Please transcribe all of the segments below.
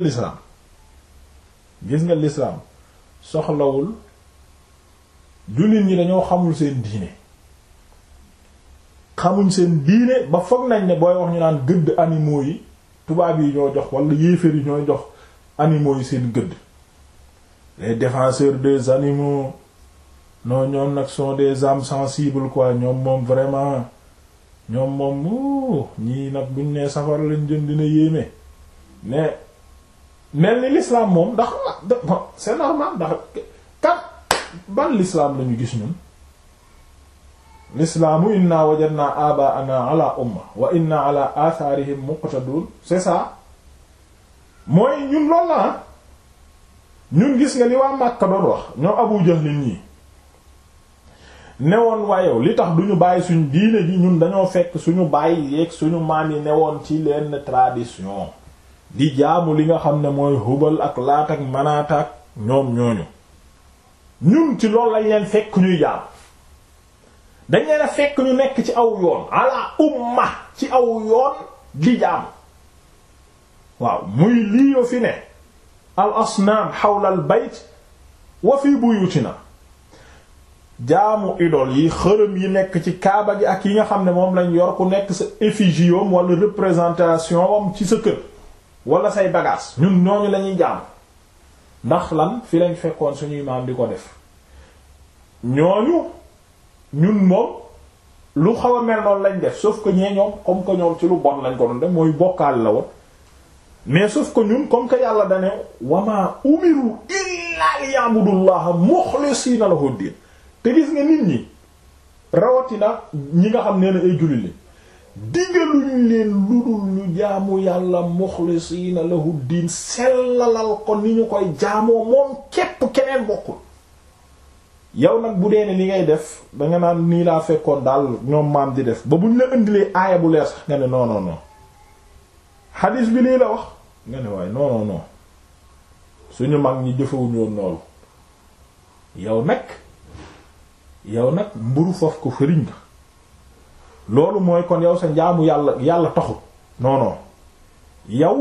lislaam gis nga lislaam soxlawul jullit ñi dañoo xamul seen diine xamuñ seen diine ba foog nañ ne booy wax ñu naan gëdd animaux yi tubaab yi ñoo jox wala yéeféer yi ñoo jox animaux yi seen gëdd les défenseurs des animaux non ñoom nag sont des âmes sensibles quoi ñoom moom vraiment ñoom moom ñii nag buñ ne safara lañ jëm dina yéeme mais mel ni l'islam moom ndax c'est normal ndax kat ban l'islam lañu gis ñun l'islaamu inna wajadna abaana ala umma wa inna ala atharihim muqtadun c'est ça mooy ñun lool la ah. ñun gis nga li waa Makka doon wax ñoom Abu Jahlin ñi newoon waayow li tax duñu bàyyi suñu diine ji ñun dañoo fekk suñu bàyyi yeeg suñu maam yi woon ci leen tradition di jaamu li nga xam ne mooy hubal ak laat ak manaat ñoom ñooñu ñun ci lool lañ leen fekk ñuy jaam dañ leen fekk ñu nekk ci aw yoon ala umma ci aw yoon di jaam waaw muy lii yoo fi ne al asnaam xawla al bayt wa fi na jaamu idol yi xërëm yi nekk ci kaaba gi ak yi nga xam ne moom lañ yor ku nekk sa effigie wala représentation wam ci sa kër wala say bagages ñun ñooñu lañuy jaam ndax lan fi lañ fekkoon suñuy maam di ko def ñooñu ñun moom lu xaw a mel noonu lañ def sauf ko ñee ñoom comme que ñoom ci lu bon lañ ko doon def mooy bokkaal la woon mais sauf ko ñun comme que yàlla dane wama umiru illa liya'budullaha mukhlisina lahu din te gis nga nit ñi rawatina ñi nga xam nee na ay jullit digaluñ leen ludul ñu jaamu yàlla muxlisiina lahu diin sellalal ko ni ñu koy jaamoo moom képp keneen bokkul yow nag bu dee ne li ngay def danga naan nii laa fekkoon daal ñoom maam di def ba buñ la indilee aaya bu leer sax nga ne non non xadiis bi lii la wax nga ne waaye non suñu mag ñi jëfewuñoon loolu yow nag yow nag mburu foofu ko fëriñ nga loolu mooy kon yow sa njaamu yàlla yàlla taxut non non yow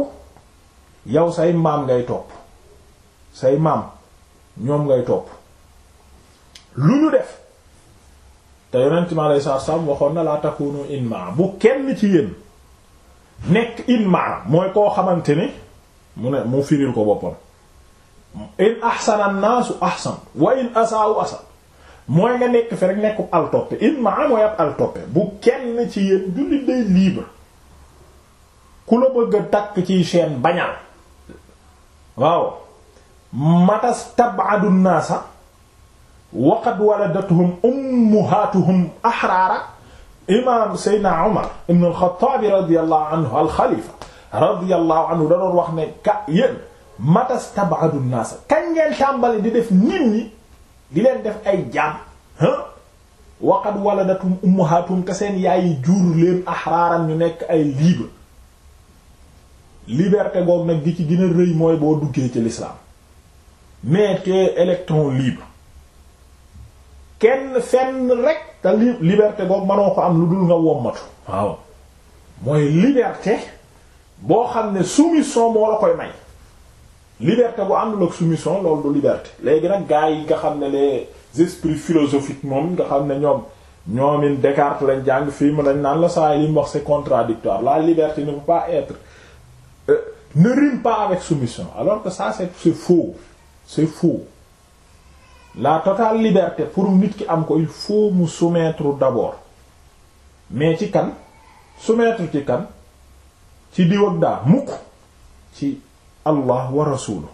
yow say maam ngay topp say maam ñoom ngay topp lu ñu def te yonent mi alayhi salaatu waxoon na laa takunu immaa bu kenn ci yéen nekk immaa mooy koo xamante ni mu ne mu firil ko boppam in ahsana an ahsan wa in asaa'u asaa mooy nga nekk fi rek nekkub altoppe imma mooy ab altoppe bu kenn ci yéen jullit day libre ku la bëgg a takk ci chaîne bañal waaw matas tabadu naasa waqad waladatuhum ummuhaatuhum ahraara imam seydna omar ibn alxataabi radiallahu anhu alxalifa radiallahu anhu da doon wax ne ka yéen matas tabadu naasa kañ ngeen tàmbali di def nit di leen def ay jaam waqad waladatum ummahatuhum te seen yaayi jur leen axraaran ñu nekk ay libre liberté goog nag gi ci gën rëy mooy boo duggee ci l'islam mais te électron libre kenn fenn rek te liberté goog mënoo ko am lu dul nga wommatu waaw mooy liberté boo xam ne soumission moo la koy may liberté bu àndul ak soumission loolu du liberté léegi nag gars yi nga xam ne les esprits philosophiques moom nga xam ne ñoom ñoomin Descartes lañ jàng fii mu lañ naan la saa yi li mu wax c'est contradictoire la liberté ne peut pas être euh, ne rime pas avec soumission alors que ça c'est c'est faux c'est faux la totale liberté pour nit ki am ko il faut mu soumettre d'abord mais ci kan soumettre ci kan ci diw ak mukk ci allah wa rasuluhu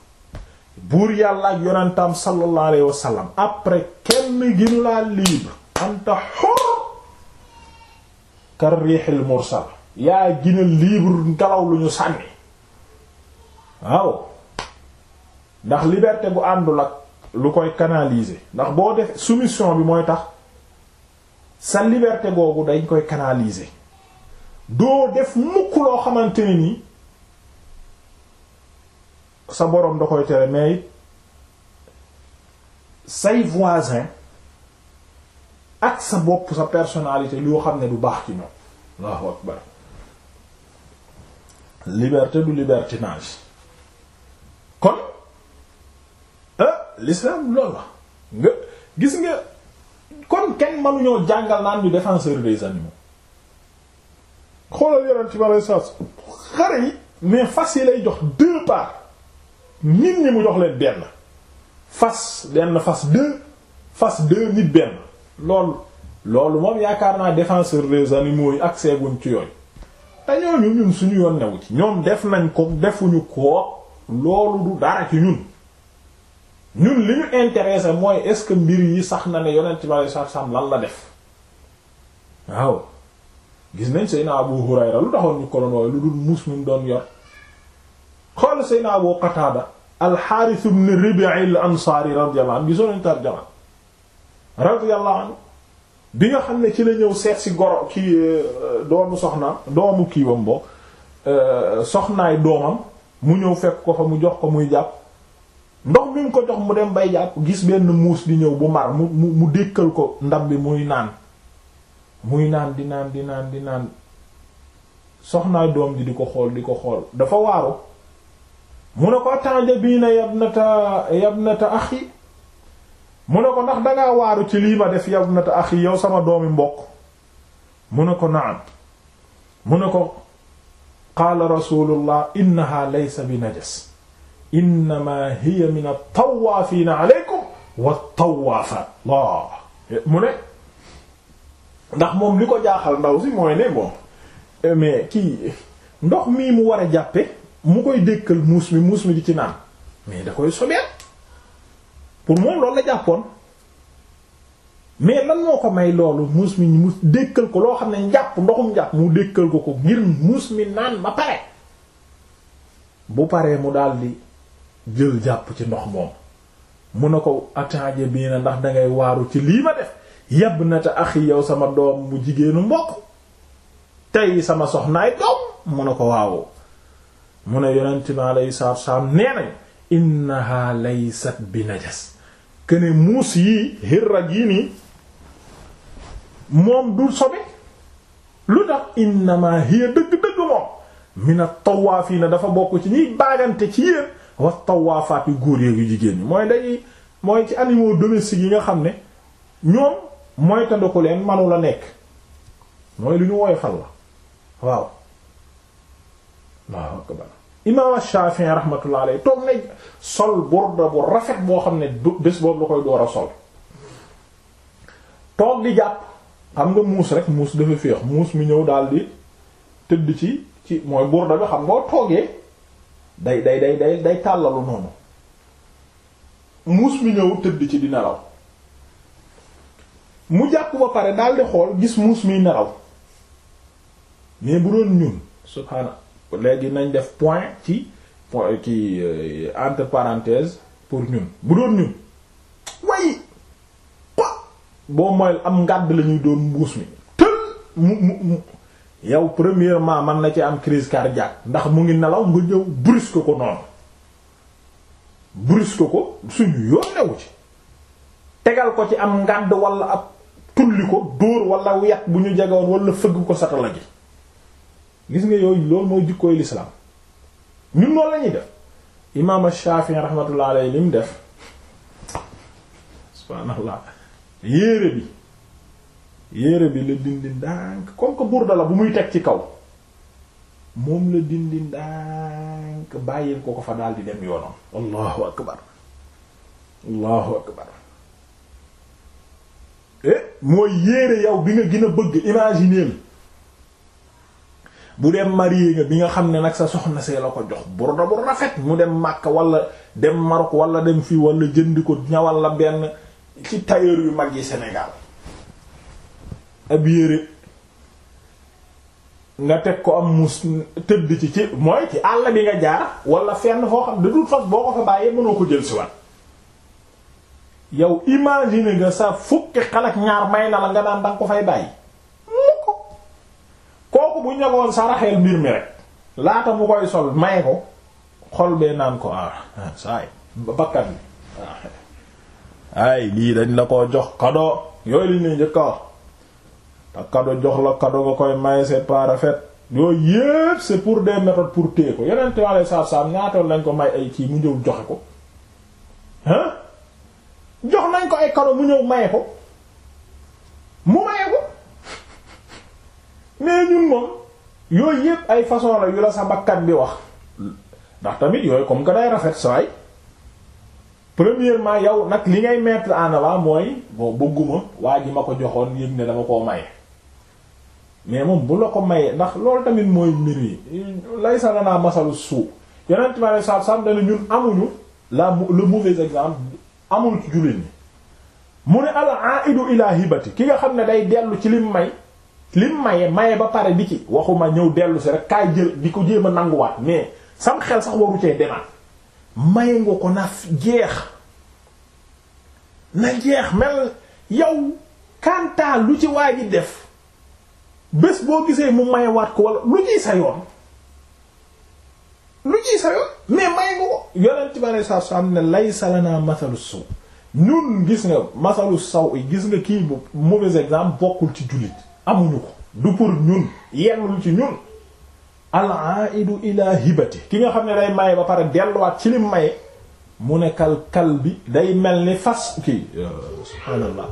buur yàlla ak yonentam sallallahu alayhi sallam après kenn ginu laa libre anta hur kar riixil mursal yaa gina libre ngelaw lu ñu sànni waaw ndax liberté bu àndul ak lu koy canaliser ndax boo def soumission bi mooy tax sa liberté googu dañ koy canaliser doo def mukk loo xamante nii sa boroom da koy tere mais it say voisin ak sa bopp sa personnalité loo xam ne du baax ci ñoom Allahu akbar liberté du libertinage kon ah l'islam la nga gis nga kon kenn mënuñoo jàngal naan ñu défenseur des animaux xoolal yonent bi alei sat xare yi mais fas yi lay jox deux parts nit ñi mu jox leen benn fas benn fas deux fas deux nit benn loolu loolu moom yaakaar naa défenseur des animaux yi ak seeguñ ci yooyu te ñooñu ñun suñu yoon newu ci ñoom def nañ ko defuñu ko loolu du dara ci ñun ñun li ñu intéressé mooy est-ce que mbir yi sax na ne yonent bi sax sam lan la def waaw gis nañ Seydina Abu Hurayra lu taxoon ñu ko doon lu dul muus mu doon yor xool sayna Abu Qataada al-Haaris ibn Rib'i al-Ansaari radiyallahu anhu gisoon nañu tarjama radiyallahu bi nga xam ne ci la ñëw seet si goro kii euh, doomu soxna doomu kiiwam bo euh, soxnaay doomam mu ñëw fekk ko fa mu jox ko muy jàpp ndox mi mu ko jox mu dem bay jàpp gis benn muus di ñëw bu mar mu mu dékkal ko ndab bi muy naan muy naan di naan di naan di naan soxnaay doom ji di ko xool di ko xool dafa waaru mu ne ko atajabiina yabnata yabnata axi mu ne ko ndax dangaa waaru ci lii ma def yabnata axi yow sama doomi mbokk mu ne ko naam mu ne ko qaala rasulullah innaha laysa bi najas innama hiya min at-tawaafiina aleykum wat-tawaafaat la mu ne ndax moom li ko jaaxal ndaw si mooy ne bon mais kii ndox mii mu war a jàppe mu koy dékkal muus mi muus mi di ci naan mais da koy sobeel pour moom loolu la jàppoon mais lan moo ko may loolu muus mi dékkal ko loo xam ne njàpp ndoxum njàpp mu dékkal ko ko ngir muus mi naan ba pare bu paree mu daldi jël jàpp ci ndox moom mu ne ko attange bii na ndax dangay waaru ci lii ma def yebb na yabnata axi yow sama doom mu jigéenu mbokk tey sama soxnaay doom mun na ko waawoo mu ne yonent bi alayhi salaatu wassalaam nee nañ innaha laysat bi najas kene muus yi hirraj yi nii moom du sobe lu tax innama hiya dëgg-dëgg moom mina tawaafiina dafa bokk ci ñuy baagante ci yéen wa tawaafaat yu góor yeeg yu jigéen ñi mooy dañuy mooy ci animaux domestiques yi nga xam ne ñoom mooy tandu ko leen manu la nekk mooy lu ñu woyofal la waaw Allahu akbar imaam Shaafi'i rahmatullahi alayhi toog na sol burda bu rafet boo xam ne du bés boobu la koy door a sol toog di jàpp xam nga muus rek muus dafa féex muus mi ñëw daal di tëdd ci ci mooy burda bi xam nga toogee day day day day day tàllalu noonu muus mi ñëw tëdd ci di nelaw mu jàpp ba pare daal di xool gis muus miy nelaw mais bu doon ñun subhaana léegi nañ def point ci point ci euh, entre parenthèse pour ñun bu doon ñun way po boo mooy am ngàdd la ñuy doon mbuus mi tël mu mu mu yow premièrement man na ci am crise cardiaque ndax mu ngi nelaw nga ñëw brusque ko noonu brusque ko suñu yoon newu ci tegal ko ci am ngàdd wala ab tulli ko dóor wala yat bu ñu jegoon wala fëgg ko satala gis nga yooyu loolu mooy jikkooy lislaam ñun loolu la def imaam Shaafi'i rahmatullah li mu def subhaanallah yéere bi yéere bi la dindi ndànk comme que burda la bu muy teg ci kaw moom la dindi ndànk bàyyil ko ko fa daal di dem yoonam allahu akbar allahu akbar eh mooy yéere yow bi nga gën a bëgg imaginer bu dem marié nga bi nga xam ne nag sa soxna see la ko jox burda bu rafet mu dem Makka wala dem Maroc wala dem fii walla jënd ko ñawal la benn ci tailleur yu mag yi Sénégal ab yére nga teg ko am mus tëdd ci ci mooy ci àll bi nga jaar wala fenn foo xam de toute boo ko fa bàyyee mënoo ko jël si waat yow imagine nga sa fukki xalak ñaar may na la nga naan danga ko fay bàyyi moom bu ñagoon saraxeel mbir mi rek laata mu koy sol may ko xol bee naan ko ah, ah saay bakkat bi ah, ay lii dañ la ko jox kado yooyu li ne njëkka wax te kado jox la kado nga koy may c'est pas rafet yooyu yépp c'est pour de méthodes pour téye ko yeneen tiwaale saab saab ñaatoon lañ ko may ay kii mu ñëw joxe ko hein jox nañ ko ay kado mu ñëw maye ko mu maye ko mais ñun moom yooyu yépp ay façon la yu la sa bakkat bi wax ndax tamit yooyu comme que day rafet saay premièrement yow nag li ngay mettre en avant mooy boo bëgguma waa ji ma ko joxoon yëg ne dama koo may mais moom bu la ko mayee ndax loolu tamit mooy mbir yi lay sa lanaa masalu suu yeneen ma alei satu salaam dana ñun amuñu la le mauvais exemple amul ci jullit ñi mu ne al aidu ila hibati ki nga xam ne day dellu ci lim may lim maye maye ba pare bi ci waxuma ñëw dellu si rek kaay jël di ko jéem a nanguwaat mais sam xel sax waru cee demaat maye nga ko na jeex na jeex mel yow kantaa lu ci waa ji def bés boo gisee mu mayewaat ko wala lu ciy sa yoon lu ciy sa yoon mais maye nga ko yonent bi alei satu salaam ne laysa lana mathalu suu ñun gis nga mathalu saw gis nga kii bu mauvais exemple bokkul ci jullit amuñu ko du pour ñun yellul ci ñun al-a'idu ila hibati ki nga xam ne day maye ba pare delluwaat ci lim maye mu nekkal kal bi day mel ni fas kii euh, subhaanallah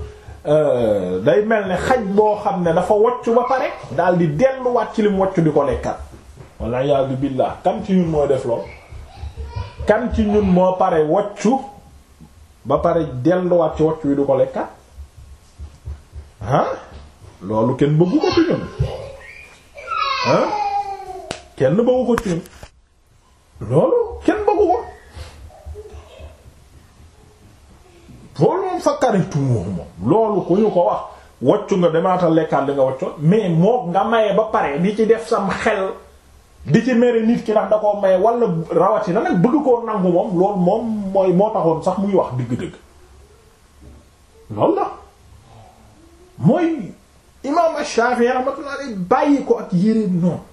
euh, day mel ni xaj boo xam ne dafa woccu ba pare daal di delluwaat ci lim woccu di ko lekkat walla yàlla billah kan ci ñun mooy def lool kan ci ñun moo pare woccu ba pare delluwaat ci woccu wi du ko lekkat ah loolu kenn bëggu ko ci ñun ah kenn loolu ko moom loolu ku ñu ko wax waccu nga demaata lekkaat li nga waccoon mais moo nga maye ba pare di ci def sam xel di ci mere nit ki ndax da koo maye wala rawatina nag bëgg koo nangu moom loolu moom mooy moo taxoon sax muy wax dëgg-dëgg loolu la mooy imaam Ash-Shafi'i rahmatullahi alayhi bàyyi ko ak yéreem noonu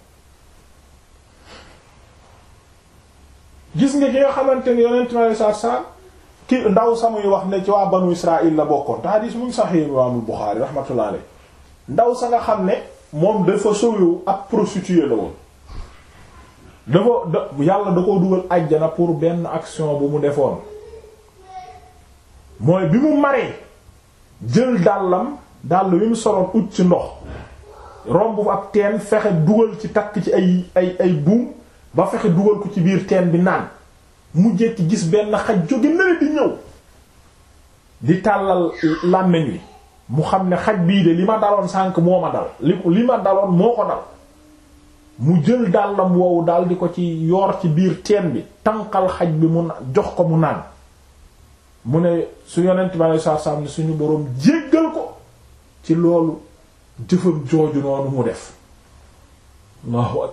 gis nga ki nga xamante ni yonent mi alayhi salaatu salaam ki ndaw samuy wax ne ci waa banu Israaïl la bokkoon te hadis mu ngi Sahih imaamul Buxaari rahmatullahi ndaw sa nga xam ne moom dafa sowewu ak prostituée la woon dafa da yàlla da ko dugal àjjana pour benn action bu mu defoon mooy bi mu maree jël dàllam dàll yu mu soloon ut ci ndox romb ab teen fexe dugal ci takk ci ay ay ay buum ba fexe dugal ko ci biir teen bi naan mu jekki gis benn xaj jóge nale di ñëw di tàllal làmmiñ wi mu xam ne xaj bii de li ma daloon sànk moo ma dal li li ma daloon moo ko dal mu jël dàllam woowu dal di ko ci yoor ci biir teen bi tànqal xaj bi mu jox ko mu naan mu ne su yonent bi sallallahu alayhi wasallam ne suñu boroom jéggal ci loolu jëfam jooju noonu mu def allahu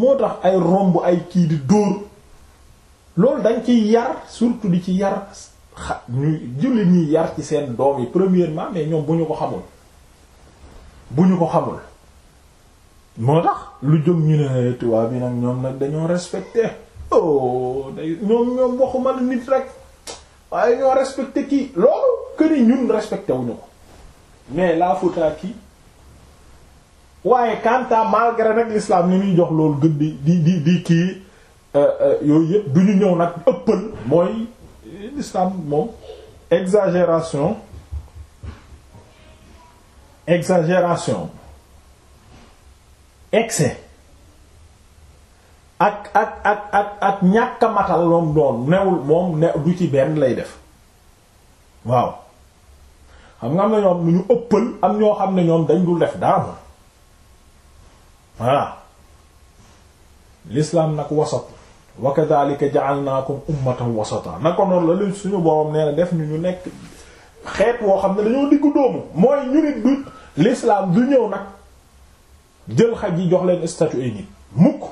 moo tax ay romb ay kii di dóor loolu dañ ci yar surtout di ci yar xa ñuy jullit ñuy yar ci seen doom yi premièrement mais ñoom bu ñu ko xamul bu ñu ko xamul moo tax lu jóg ñu ne eh, tubaab yi nag ñoom nag dañoo respecté oh day ñoom ñoom waxuma nit rek waaye ñoo respecté kii loolu que ni ñun respecté wuñu ko. mais la faute à waaye kanta malgré nag l'islam ni muy jox loolu gën di di di di kii euh, euh, yooyu yëpp du ñu ñëw nag ëppal mooy l'islam moom exagération exagération excès ak ak ak ak ak matal loom doon newul moom ne du ci benn lay def waaw xam nga am na ñoom lu ñu ëppal am ñoo xam ne ñoom dañ du def dara moom voilà nag wasat wa kadhalika ja'alnakum ummatan wasata na ko noonu la lu suñu borom nee na def ñu ñu nekk xeet woo xam ne dañoo diggu doomu mooy ñu nit du l'islam du ñëw nag jël xaj yi jox leen statut ay mukk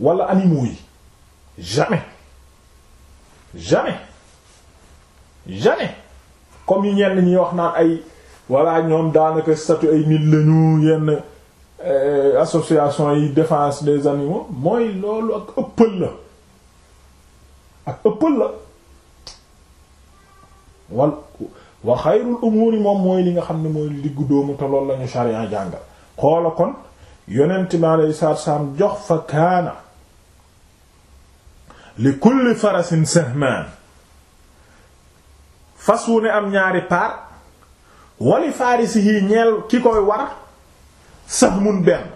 wala animaux yi jamais jamais jamais comme yi ñenn ñi wax naa ay walla ñoom daanaka statut ay nit lañu yenn euh, association yi defence des animaux mooy loolu ak ëppal la ak ëppal la wal wa xayrul umuri moom mooy li nga xam ne mooy diggu doomu te loolu lañu sharia jàngal xoola kon yonent bi alayhi salaatu salaam jox fa kaana li kulli farasin sahmaan fas wu ne am ñaari paar wali farisihi ñeel ki koy war sahmun benn